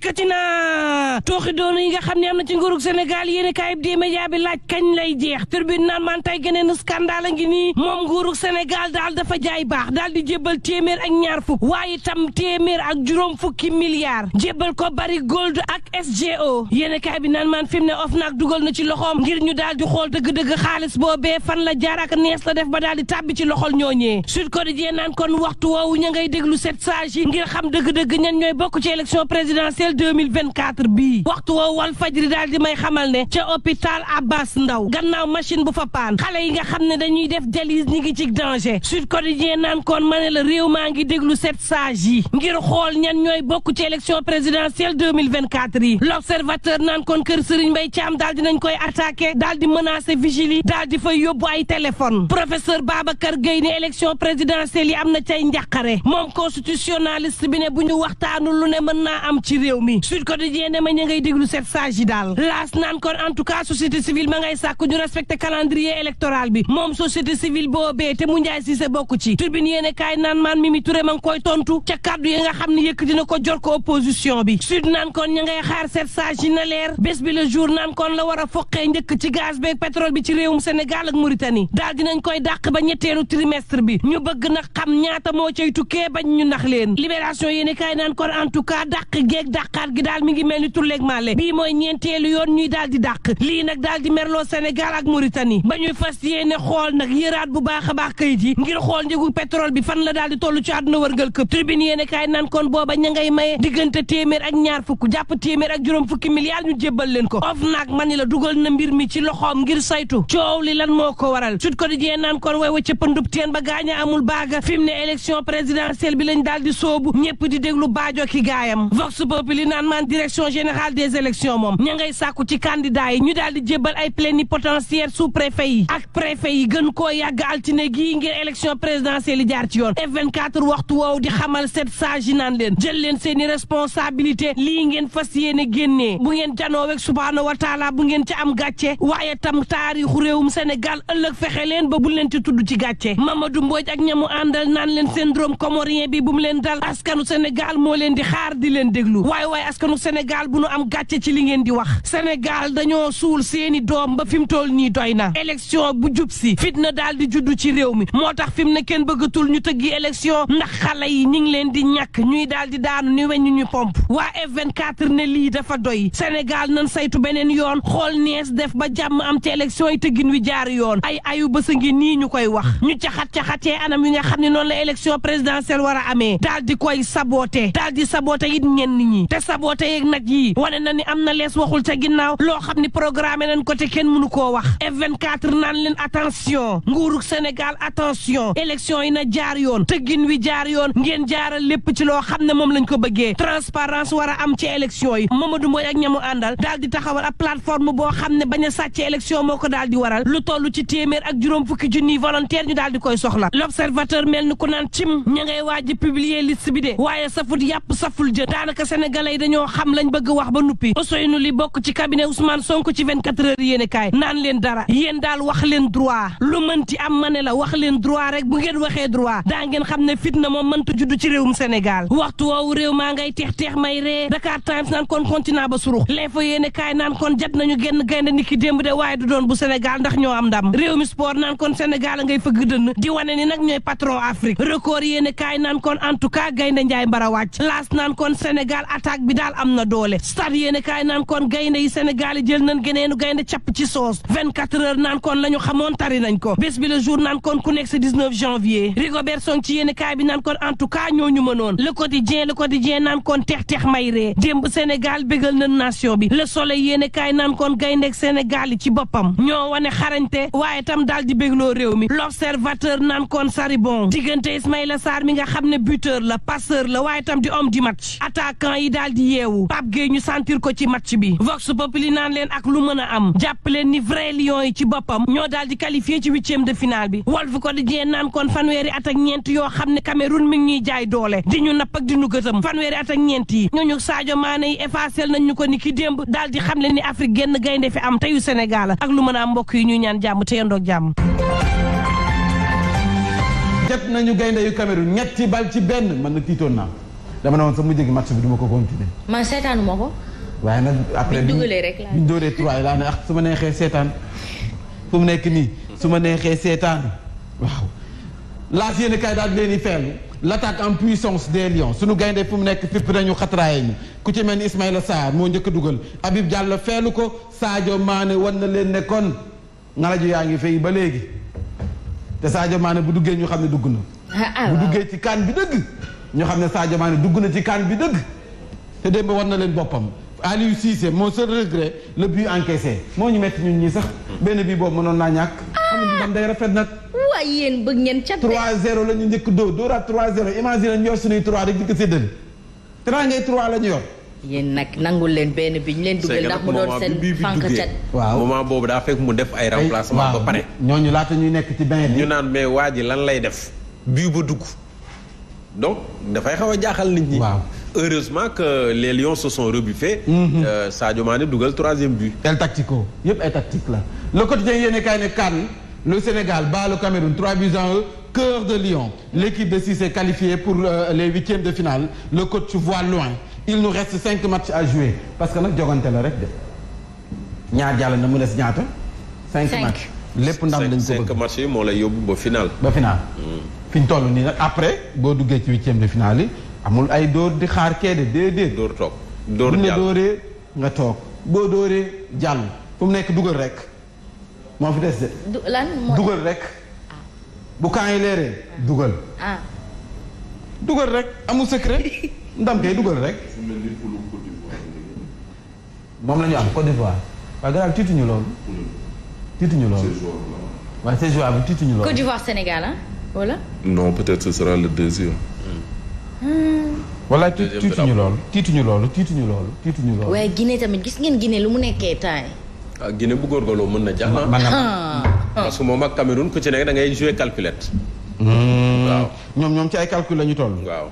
dikkati na tooxi doon yi nga xam ne am na ci nguurug Sénégal yéen i kaay bi dee média bi laaj kañ lay jeex turbine naan man tey geneen scandale a ngi nii moom nguurug Sénégal daal dafa jaay baax daal di jébbal téeméer ak ñaar fukk waaye tam téeméer ak juróom fukki milliards jébbal ko bari gold ak SGO yéen i kaay bi naan man fi mu ne OFNAC dugal na ci loxoom ngir ñu daal di xool dëgg-dëgg xaalis boobee fan la jaar ak nees la def ba daal di tàbbi ci loxol ñooñee Sud Quotidien naan kon waxtu woowu ña ngay déglu sept sages yi ngir xam dëgg-dëgg ñan ñooy bokk ci élection présidentielle avril 2024 bii waxtu woo wal fajri daal di may xamal ne ca hôpital Abbas Ndaw gannaaw machine bu fa paan xale yi nga xam ne dañuy def dialyse ñi ngi ci danger Sud Quotidien naan koon ma ne la réew maa ngi déglu sept sages yi ngir xool ñan ñooy bokk ci élection présidentielle 2024 yi l'observateur naan kon kër Serigne Mbaye Thiam daal di nañ koy attaqué daal di menacé vigile yi daal di fay yóbbu ay téléphone professeur Babacar Gueye ne élection présidentielle yi am na cay njàqare moom constitutionnaliste bi ne bu ñu waxtaanul lu ne mën naa am ci réew réew mi Sud Quotidien ne ma ña ngay déglu sept sages yi daal laas naan kon en tout cas société civile ma ngay sàkk ñu respecté calendrier électoral bi moom société civile boobee te mu njaay si sa bokk ci turbine yéene kaay naan maan Mimi Touré ma ngi koy tontu ca kàddu yi nga xam ne yëkk dina ko jor ko opposition bi Sud naan kon ña ngay xaar set sages yi na leer bés bi la jour naan kon la war a foqee njëkk ci gaz beeg pétrole bi ci réewum Sénégal ak Mauritanie daal dinañ koy dàq ba ñetteelu trimestre bi ñu bëgg na xam ñaata moo cay tukkee bañ ñu nax leen libération yéene kaay naan kon en tout cas dàq dàqaat gi daal mi ngi mel ni tulleeg maale bii mooy ñeenteelu yoon ñuy daal di dàq lii nag daal di merloo Sénégal ak Mauritanie ba ñuy fas yéene xool nag yëraat bu baax a baax kayit yi ngir xool njëgu pétrole bi fan la daal di toll ci àdduna wërngal këpp tribune yéene kaay naan kon booba ña ngay maye diggante téeméer ak ñaar fukk jàpp téeméer ak juróom fukki milliards ñu jébbal leen ko of naag mani la dugal na mbir mi ci loxoom ngir saytu coow li lan moo ko waral sut ko di jee naan kon way wa cëppandub teen ba gaañ a baaga fi mu ne élection présidentielle bi lañ daal di soobu ñëpp di déglu baajo ki gaayam li naan maan direction générale des élections moom ña ngay sàkku ci candidat yi ñu daal di jébbal ay plénipotentiaire sous préfet yi ak préfet yi gën koo yàgg altine gii ngeen élection présidentielle yi jaar ci yoon F24 waxtu woowu di xamal sept sages yi naan leen jël leen seeni responsabilité lii ngeen fas yéene génnee bu ngeen janooweg subhaana wa taala bu ngeen ci am gàcce waaye tam taarixu réewum Sénégal ëllëg fexe leen ba bu leen ci tudd ci gàcce mama Mbodj ak ñamu àndal naan leen syndrome comorien bi bu leen dal askanu Sénégal moo leen di xaar di leen déglu waaye askanu Sénégal bu nu am gàcce ci li ngeen di wax Sénégal dañoo suul seeni doom ba fi mu toll nii doy na élection bu jub si fitna daal di juddu ci réew mi moo tax fi mu ne kenn bëggatul ñu tëggi élection ndax xale yi ñu ngi leen di ñàkk ñuy daal di daanu ni weñu ñu pomp waa F24 ne lii dafa doy Sénégal nan saytu beneen yoon xool nees def ba jàmm am ci élection yi tëggin wi jaar yoon ay ayu bës a nii ñu koy wax ñu caxat caxatee anam yi nga xam ne noonu la élection présidentielle war a amee daal di koy saboté daal di saboté it ñenn ñi saboté yeeg nag yi wane na ni am na lees waxul ca ginnaaw loo xam ni programme nañ ko te kenn mënu koo wax F24 naan leen attention nguurug Sénégal attention élection yi na jaar yoon tëggin wi jaar yoon ngeen jaaral lépp ci loo xam ne moom lañ ko bëggee transparence war a am ci élection yi Mamadou Mboy ak ñamu àndal daal di taxawal ab plateforme boo xam ne bañ a sàcc élection moo ko daal di waral lu toll ci téeméer ak juróom fukki junniy volontaire ñu daal di koy soxla l'observateur mel ni ku naan ngay waaj a publier liste bi de yàpp saful jë daanaka Sénégal sénégalais yi dañoo xam lañ bëgg wax ba nuppi Ousseynou li bokk ci cabinet Ousmane Sonko ci 24 heures yéene kaay naan leen dara yéen daal wax leen droit lu mënti am ma la wax leen droit rek bu ngeen waxee droit daa ngeen xam ne fitna moom mënta judd ci réewum Sénégal waxtu woowu réew maa ngay teex teex may ree Dakar Times naan kon continent ba surux l'info yéene kaay naan kon jat nañu genn gaynde niki démb de waaye du doon bu Sénégal ndax ñoo am ndam réew mi sport naan kon Sénégal ngay fëgg attaque bi daal am na doole stade yéene nan naan kon gaynde yi Sénégal jël nañ geneenu gaynde capp ci soos 24 heures naan kon la ñu xamoon tari nañ ko bés bi le jour naan kon ku nekk si 19 janvier Rigobert Song ci yéene kaay bi naan kon en tout cas ñooñu mënoon le quotidien le kon teex teex may ree démb Sénégal bégal nañ nation bi le soleil yéene kaay naan kon gaynde Sénégal yi ci boppam ñoo wane xarañte waaye tam daal di bégloo réew mi l'observateur naan kon saribon diggante Ismaïla Sarr mi nga xam ne buteur la passeur la waaye tam di homme du match daal di yeewu Pape Gueye ñu sentir ko ci match bi Vox Populi naan leen ak lu mën a am jàpp leen ni vrai lion yi ci boppam ñoo daal di qualifié ci huitième de finale bi Walf Quotidien naan kon fanweeri at ak ñeent yoo xam ne Cameroun mi ngi ñuy jaay doole di ñu napp ak di ñu gëtëm fanweeri at ak ñeent yi ñooñu Sadio Mané yi effacé nañ ñu ko ni ki démb daal di xam leen ni Afrique genn gaynde fi am teyu Sénégal ak lu mën a am mbokk yi ñuy ñaan jàmm te yendoog jàmm jot dama ne woon sax mu jéggi match bi du ko continuer. man seetaanu ma ko. waaye nag après bi ñu dugalee rek laa bi ñu dóoree trois laa ne ah su ma neexee seetaan fu mu nekk nii su ma neexee seetaan waaw. laas yéen kay daal di leen di fayal l'attaque en puissance des Lions suñu gaynde fu mu nekk fépp nañu xatraaye ñu ku ci mel ni Ismaïla Sarr moo njëkk dugal Habib Diallo feelu ko saajo maane wan na leen ne kon ngalaju yaa ngi fay ba léegi te saajo maane bu duggee ñu xam ne dugg ñu xam ne Sadio Mané dugg na ci kaan bi dëgg te démb war na leen boppam Aliou Cissé moo seul regret le but encaissé moo ñu metti ñun ñii sax benn bi boobu mënoon naa ñàkk ah! xam dam day rafet nag waay yéen bëgg ngeen cat 3-0 la ñu njëkk dóor dóoraat 3-0 imagine ñu yor suñuy 3 rek di ko séddale traa ngay 3 la ñu yor yéen nag nangul leen benn bi ñu leen dugal ndax mu doon seen fànq cat waaw moment boobu daa fekk mu def ay remplacement ba pare ñooñu laata ñuy nekk ci benn bi ñu naan mais waa ji lan lay def bii ba dugg donc dafay xaw a jaaxal nit ñi. heureusement que les lions se sont rebuffés. Mhm. Euh, Sadio Mané dugal troisième but. El tactico yëpp ay tactique la le quotidien yéen kaay ne CAN le Sénégal bat le Cameroun 3 buts à 1 cœur de lion l'équipe de Cissé est qualifiée pour euh, les huitièmes de finale le coach voit loin il nous reste cinq matchs à jouer parce que nag jogante la rek de ñaar jàll na mu des ñaata. cinq matchs lépp ndam lañ ko bëgg cinq matchs yi moo la yóbbu ba final. Mm. fi ñu toll nii nag après boo duggee ci huitième de finale yi amul ay dóor di xaar kee de déedéet. dóor toog dóor jàll bu ne dóoree nga toog boo dóoree jàll fu mu nekk dugal rek moo fi des dugal rek bu kaa yi leeree dugal. Ah. Ah. dugal rek amul secret ndam kay dugal rek. moom lañu ñu am Côte d'Ivoire. waaye gannaaw tiituñu loolu. tiituñu loolu. waaye c'est jouable tiituñu loolu. Côte d'Ivoire Sénégal voilà. non peut-être ce sera le deuxième. Hmm. voilà tiituñu loolu tiituñu loolu tiituñu loolu tiituñu loolu. waaye Guinée tamit gis ngeen Guinée lu mu nekkee taay. ah Guinée bu góorgóorloo mën na jàll. Ah. parce que moom ak Cameroun ku ci nekk da ngay jouer calculette. Hmm. ñoom ñoom ci ay calcul ñu toll. waaw.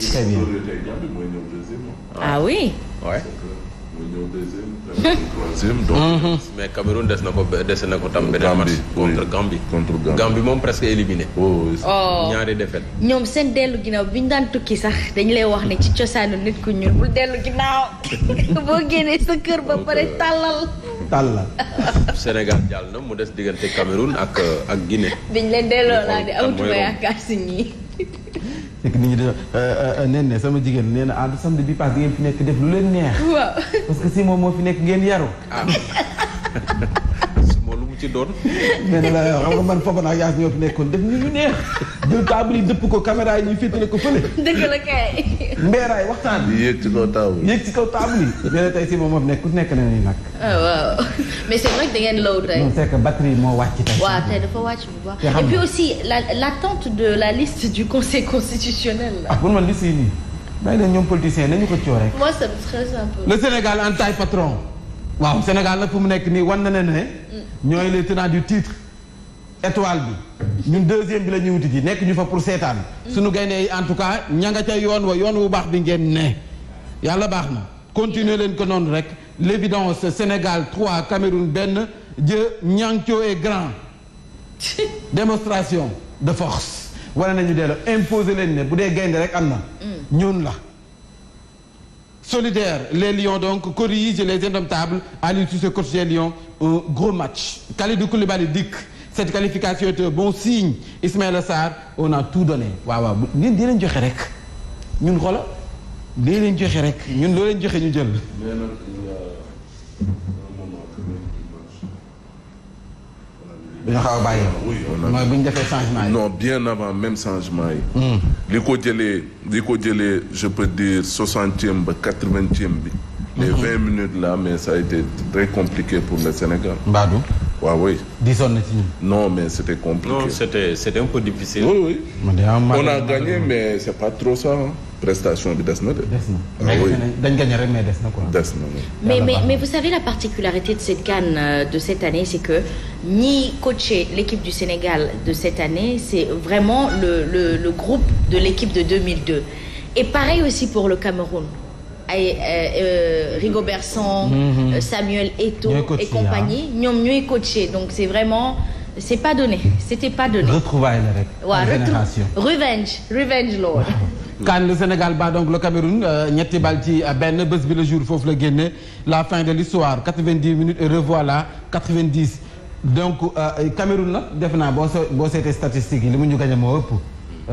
très bien mu ñëw deuxième troisième mhm. euh, mais Cameroun des na ko des na ko tam beneen match contre Gambie contre Gambie Gambie moom presque éliminé. Oh, oh. ñaari défaite. ñoom seen dellu ginnaaw bi ñu daan tukki sax dañu lay wax ne ci cosaanu nit ku ñuul bul dellu ginnaaw boo génnee sa kër ba pare euh, tàllal. tàllal. Sénégal jàll na mu des diggante Cameroun ak euh, ak Guinée. dañ leen delloo laa di awtuma yaakaar si ñii. fekk nit ñi de euh, euh, euh, nen ne sama jigéen nee na ah, sama samedi bi pass di ngeen fi nekk def lu leen neex. parce que si moom moo fi nekk ngeen yaru. Ah. bu ci doon. mais ne la xam nga man foofu nag yaa ñoo fi nekkoon def ñu ñu neex. jël table yi ko caméra yi ñu féetale ko fële. dëgg la kay. waxtaan bi. yéeg ci kaw table yi ci kaw table yi. mais si moom moom nekk ku nekk na ni nag. Ah, mais c'est vrai que da ngeen la tey. non c'est que batterie moo wàcc tey. waaw tey dafa wàcc la l'attente de la liste du conseil constitutionnel. ah pour man liste yi nii. ko coow rek. moi ça me stresse un peu. le Sénégal en taille patron. waaw Sénégal nag fu mu nekk nii wan na ne ne ñooy les tenants du titre étoile bi ñun deuxième bi la ñuy wuti ji nekk ñu fa pour seetaan suñu gaynde yi en tout cas ña nga ca yoon wa yoon wu baax bi ngeen ne yàlla baax na continuer leen ko noonu rek l'évidence Sénégal 3 Cameroun benn Dieu Niancho est grand démonstration de force wala nañu delloo imposer leen ne bu dee gaynde rek am na mm. ñun la solidaire les Lions donc corrige les indomptables Aliou Cissé coach des Lions un gros match Kalidou Koulibaly dikk cette qualification est un bon signe Ismaïla Sarr on a tout donné waaw waaw ñun di leen joxe rek ñun xoola di leen joxe rek ñun loo leen joxe ñu jël dañoo xaw a bàyyi. mooy bu ñu defee changement yi. non bien avant même changement yi. Hmm. li ko jëlee li ko jëlee je peux dire soixantième ba quatre-vingtième bi. les hmm. vingt minutes là mais ça a été très compliqué pour le Sénégal. Badou. waaw oui. disoon na ci ñun. non mais c' était compliqué. non c' était c' était un peu ah, a gagné mais c' est pas trop ça. prestation bi des na de. des ah mais des na quoi. des na mais mais mais vous savez la particularité de cette CAN euh, de cette année c'est que ñi coaché l'équipe du Sénégal de cette année c'est vraiment le le le groupe de l'équipe de 2002 et pareil aussi pour le Cameroun. ay euh, euh Rigobert Song mm -hmm. Samuel Eto'o et compagnie ñoom ñooy coaché donc c'est vraiment c'est pas donné c'était pas donné. retrouvaille revenge revenge CAN le Sénégal ba donc le Cameroun euh, ñetti bal ci euh, benn bés bi le jour foofu la génne la fin de l'histoire 90 minutes et revoilà 90 donc euh, Cameroun nag def naa boo so boo seetee statistiques yi li mu ñu gañe moo ëpp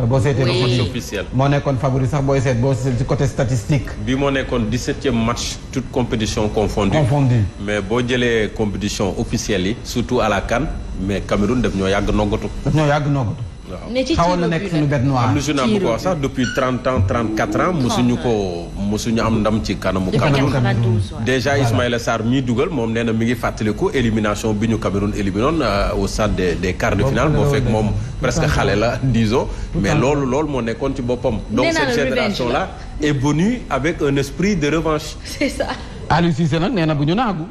boo seetee match officiel moo nekkoon favori sax booy seet boo seet ci côté statistique bi moo nekkoon dix-septième match tout compétition confondue confondue mais boo jëlee compétition officielle yi surtout à la CAN mais Cameroun def ñoo yàgg noggatu ñoo yàgg noggatu mais ci xawoon na nekk suñu bête noire. ci bu ko wax sax depuis trente ans trente quatre ans. mosuñu ko mosuñu am ndam ci kanamu. Cameroun déjà Ismaïla Sarr mii dugal moom nee na mi ngi fàttaliku élimination bi ñu Cameroun éliminoon euh, au stade des des quarts de finale boo fekk moom presque xale la disons. mais loolu loolu moo nekkoon ci boppam. donc cette génération la est venue avec un esprit de revanche. c'est ça. nag nee na bu ñu naagu.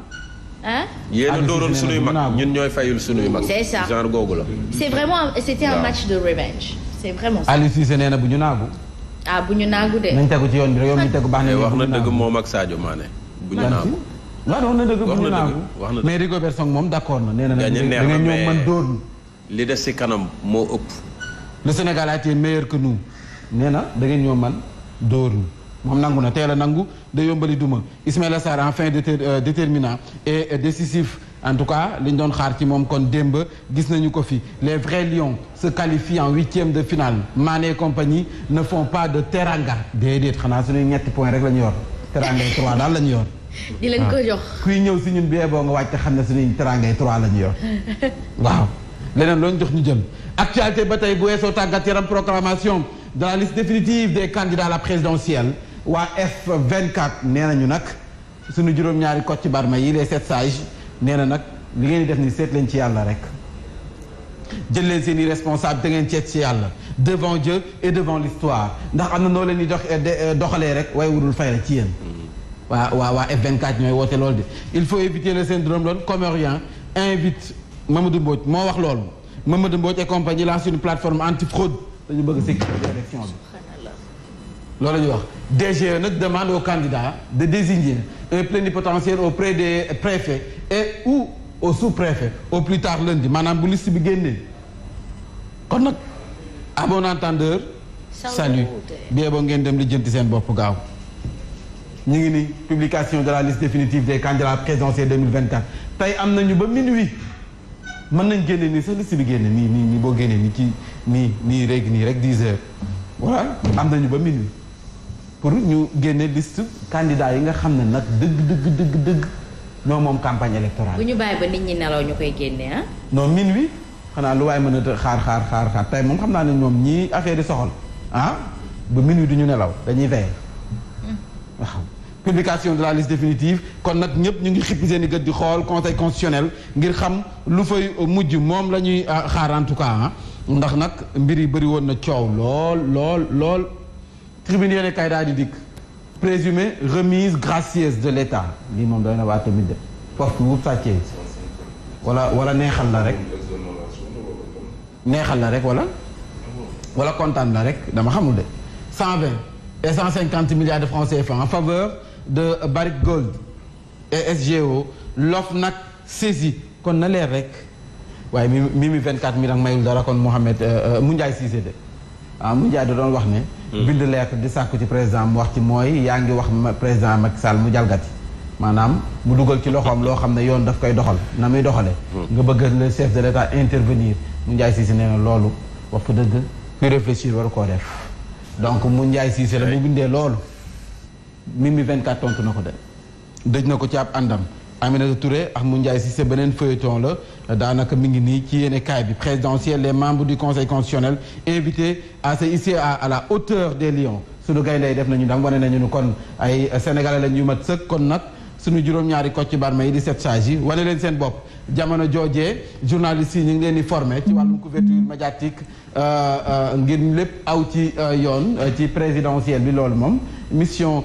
ah. yéen a dooroon sunuy mag ñun ñooy fayul sunuy mag. c'est ça genre googu la. c'est vraiment c'était un match de revenge. c'est vraiment ça. Aliou Cissé nee na bu ñu naagu. ah bu ñu naagu de. nañ tegu ci yoon bi rek yoon bi tegu baax na. Eh, wax na dëgg moom ak Sadio Mané. bu ñu naagu waaw wax na dëgg bu ñu naagu. wax na dëgg mais Rigobert Song moom d'accord na. nee na nag da ngeen ñoo mën dóor li des ci kanam moo ëpp. le Sénégal a été meilleur que nous nee na da ngeen ñoo mën dóor moom nangu na teel a nangu da yombali duma Ismaïla Sarr en fin euh, déterminant et euh, décisif en tout cas li doon xaar ci moom kon démb gis nañu ko fi les vrais lions se qualifient en huitième de finale Mané et compagnie ne font pas de teranga déedéet xanaa suñuy ñetti point rek la ñu yor teranga trois daal la ñu yor di leen ko jox kuy ñëw xam ne suñuy teranga yi trois la ñu yor waaw leneen looñu jox ñu jël actualité ba tey bu weesoo tàggat yaram proclamation de la liste définitive des la présidentielle waa F24 nee ñu nag suñu juróom-ñaari Kocc Barma yi les sept sages nee na nag li ngeen def ni seet leen ci yàlla rek jël leen seen i responsable da ngeen ceet ci yàlla devant Dieu et devant l'histoire ndax am na noo leen di dox eh, eh, doxalee rek waaye wurul fay ci yéen waa waa waa F24 ñooy woote loolu de il faut éviter le syndrome loolu comorien invite Mamadou Mbodj moo wax loolu Mamadou Mbodj et compagnie lance suñu plateforme anti fraude dañu bëgg sécurité élection bi loolu la ñuy wax DGE nag demande au candidat de désigner un plénipotentiaire auprès des préfets et ou au sous-préfet au plus tard lundi maanaam bu liste bi génnee kon nag à bon entendeur salut bien boo ngeen dem lijjanti seen bopp gaaw ñu ngi ni publication de la liste définitive des candidats présidentiels 2024 tey am ñu ba minuit mën nañ génne nii sax liste bi génne nii nii nii boo génne nii ci nii nii rek nii rek 10 heures voilà am nañu ba minuit pour ñu génne liste candidat yi nga xam ne nag dëgg dëgg dëgg dëgg ñoo moom campagne électorale. bu ñu bàyyi ba nit ñi nelaw ñu koy génne ah. non min wi xanaa lu waaye mën a xaar xaar xaar xaar tey moom xam naa ne moom ñii affaire yi soxal ah ba min wi du ñu nelaw dañuy veillé mm. waaw. publication de la liste définitive kon nag ñëpp ñu ngi xippi seen i gët di xool conseil constitutionnel ngir xam lu fay mujj moom la ñuy ah, xaar en tout cas ah? ndax nag mbir yi bëri woon na coow lool lool lool. tribune yéen kay daal di dikk présumé remise gracieuse de l'État lii moom doy waa tamit de foofu bu sàccee wala neexal la rek neexal la rek wala wala kontaan la rek dama xamul de 120 et 150 de francs CFA en faveur de Barrick Gold et SGO l'OFNAC saisi kon na leer rek waaye mi mi 24 mi nag mayul dara kon Mouhamed euh, euh, mu Ndiaye Cissé de ah mu Ndiaye da doon wax ne. Hmm. bind lettre di sàkku ci président mu wax ci mooy yaa ngi wax président Macky Sall mu jalgati. maanaam mu dugal ci loxoom loo xam ne yoon daf koy doxal na muy doxalee. Hmm. nga bëgg le chef de l' état intervenir mu Ndiaye Cissé nee na loolu wax fa dëgg kuy réfléchir war koo def. donc mu Ndiaye Cissé la mu bindee loolu. Mimi 24 tontu na ko de. dëj na ko ci ab àndam. Aminata Touré ak mu Ndiaye Cissé beneen feuilleton la. daanaka mi ngi nii ci yéene kaay bi présidentiel les membres du conseil constitutionnel invité à se hisser à la hauteur des lions sunu gaynde yi def nañu ndam wane nañu kon ay sénégalais lañ yu mat sëkk kon nag suñu juróom-ñaari kocc barma yi di sept sages yi wane leen seen bopp jamono joojee journalistes yi ñu ngi leen di formé ci wàllum couverture médiatique euh, euh, ngir lépp aw ci euh, yoon ci présidentiel bi loolu moom mission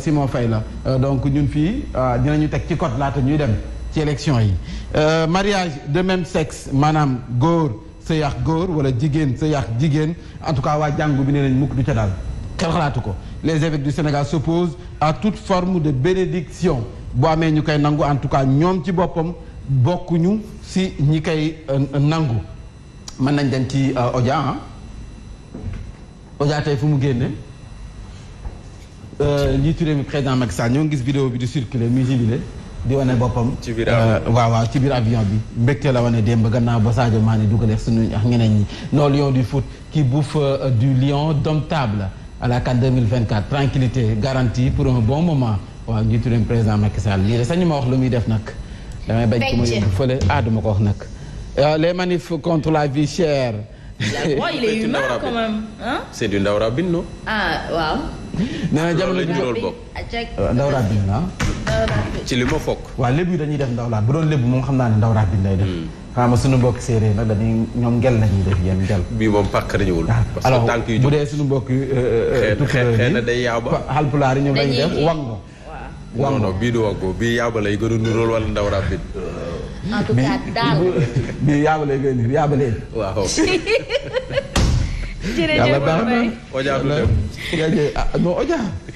Simon Faye la donc ñun fii dinañu teg ci code laata ñuy dem ci élection yi euh, mariage de même sexe maanaam góor sa yàq góor wala jigéen sa yàq jigéen en tout cas waa jàngu bi nee nañ mukk du ca daal xel xalaatu ko les évêques du Sénégal s'opposent à toute forme de bénédiction boo amee ñu koy nangu en tout cas ñoom ci boppam bokkuñu si ñi koy euh, nangu mën nañ dem ci euh, Odia ah Odia tey fu mu génne njiitu réew mi président Macky Sall ñoo ngi gis bi di circuler muy jubilé di wane boppam. ci biir avion euh, waaw waaw ci biir avion bi. mbégte la ne démb gannaaw ba Sadio Mané dugale suñu ak ñeneen ñi non lion du foot qui bouffe euh, du lion domptable à la CAN 2024 tranquillité garantie pour un bon moment waaw njiitu leen président Macky Sall lii de sañu ma wax lu muy def nag. damay bañ ci ma yóbbu fële ah ko wax nag. Euh, les manifs contre la vie chère. waaw il est humain quand c'est du ndaw rabine non. Ah, nee na bi ndaw rabine ah. ci li ma fokk. waaw lébu dañuy def ndaw ndawlaat bu doon lébu moom xam naa ne ndawlaat bi lay def. Hmm. xam nga suñu mbokk séeréer nag dañuy ñoom ngel la ñuy def yéen ngel. bii moom pàkk ñëwul. Ah, bu dee suñu mbokk. xeet euh, euh, xeet na day yaaba. alpulaar yi ñoom lañuy def wango. wango bii du wango bii yaaba lay gën a nuróol wala ndawlaat bi. bii yaaba lay gën a nuróol yaaba